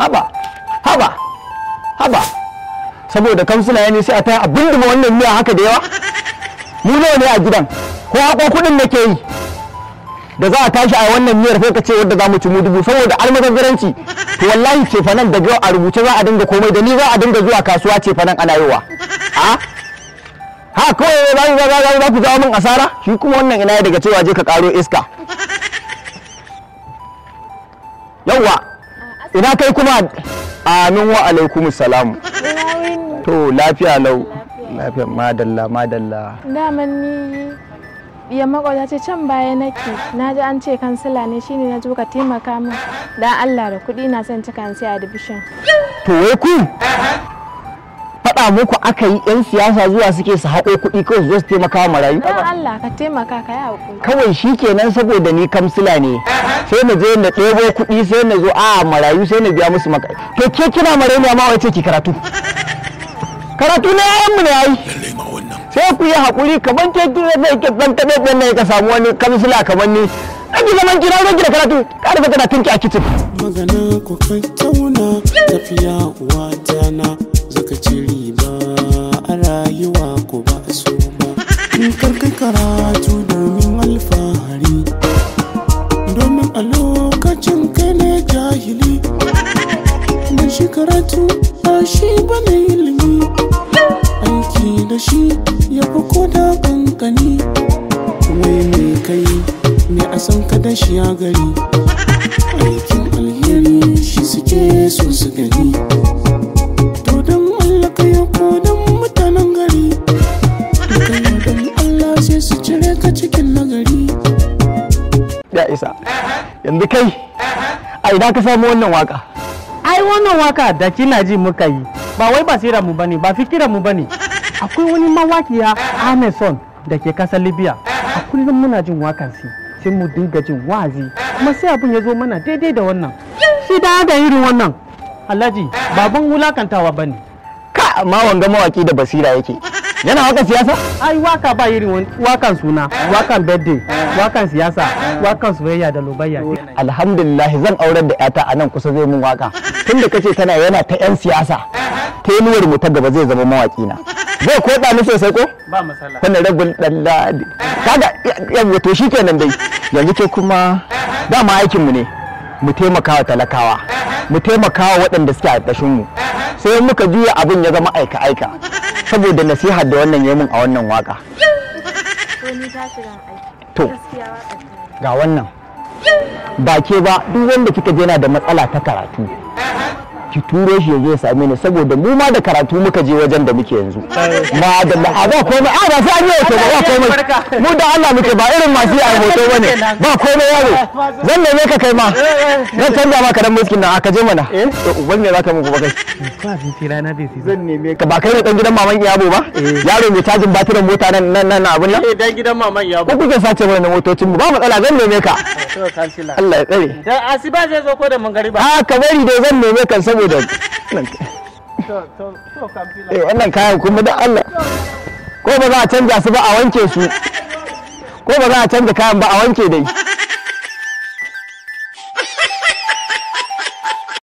haba haba haba saboda kamsila ya ne sai a taya abin da wannan miya haka da yawa mu nawa ne a gidan ko ko kuɗin da ke yi da za a tashi a wannan miyar sai ka ce wadda za mu ci mu dubu saboda almazazzaranci to wallahi ce fanan daga a rubuce za a dinga komai da ni za a dinga zuwa kasuwa ce fanan ana yowa a ha kawai za za za ku zama min asara shi kuma wannan ina daga cewa je ka karo iska yawwa ina kai kuma amin wa alaikum salam to lafiya lau lafiya madalla madalla daman ni ya makwata ce can baya nake na ji an ce kansila ne shine na zo ka taimaka min dan Allah da kuɗi na son cika an siya dibishin to wai ku faɗa muku aka yi 'yan siyasa zuwa suke su haƙo kuɗi kawai su zo su taimaka marayu. Dan Allah ka taimaka ka yi haƙuri. Kawai shi saboda ni kamsila ne. sai na je na ɗebo kuɗi sai na zo a marayu sai na biya musu maka to ke kina marayu amma wace ki karatu karatu ne yayan mu ne yayi sai ku yi hakuri kaman ke zai ke dan tabe dan ne ka samu wani kamsila kaman ni an zaman kina rage da karatu ka da kana tinki a kitchen magana ku kai tauna tafiya uwa tana zaka ci riba a rayuwa ku ba su ba in karkai karatu domin alfahari karatu ba shi ba na ilimi aiki da shi ya fi koda kankani kuma mai kai ne a san ka da shi ya gari aikin alheri shi suke so su gani mutanen gari Allah sai su ka cikin nagari ya isa yanzu kai a idan ka samu wannan waka ai wannan waka da kina ji muka yi ba wai basira mu bane ba fikira mu bane akwai wani mawakiya amazon da ke kasar libya a kullum muna jin wakan shi sai mu dinga jin wazi kuma sai abin ya zo mana daidai da wannan shi da ga irin wannan alhaji baban wulakantawa bane ka amma wanga mawaki da basira yake yana wakan siyasa ai waka ba irin wakan suna eh. wakan birthday eh. wakan siyasa eh. wakan soyayya da lobayya alhamdulillah zan aurar da yata a nan kusa zai mun waka da kace tana yana ta yan siyasa yi mu ta gaba zai zama mawaki na zai koda ni sosai ko ba masala wannan rabbul dalladi kaga yawa to shikenan dai yanzu ke kuma dama aikin mu ne mu taimaka wa talakawa mu taimaka wa waɗanda suke a ƙarshen mu sai muka juya abin ya zama aika aika saboda nasihar da wannan yamin a wannan waka to ga wannan ba ke ba duk wanda kika je na da matsala ta karatu ki turo shi yaje ya same ni saboda mu ma da karatu muka je wajen da muke yanzu ma da ba komai a ba sai an yi hoto ba komai mu da Allah muke ba irin masu yi hoto bane ba komai yaro zan neme ka kai ma zan canza ma dan muskin nan aka je mana eh? to uban me zaka mu kai ba fi zan neme ka ba kai ne dan gidan maman iyabo ba eh. yaro mai tajin batiran mota nan nan nan abun nan eh dan gidan maman iyabo ko kuke sace mana motocin mu ba matsala zan neme ka Allah ya tsare dan asiba zai zo ko da mun gari ba a ah, ka bari dai zan neme kan saboda eh wannan kayan kuma da Allah ko ba za a canza su ba a wanke su ko ba za a canza kayan ba a wanke dai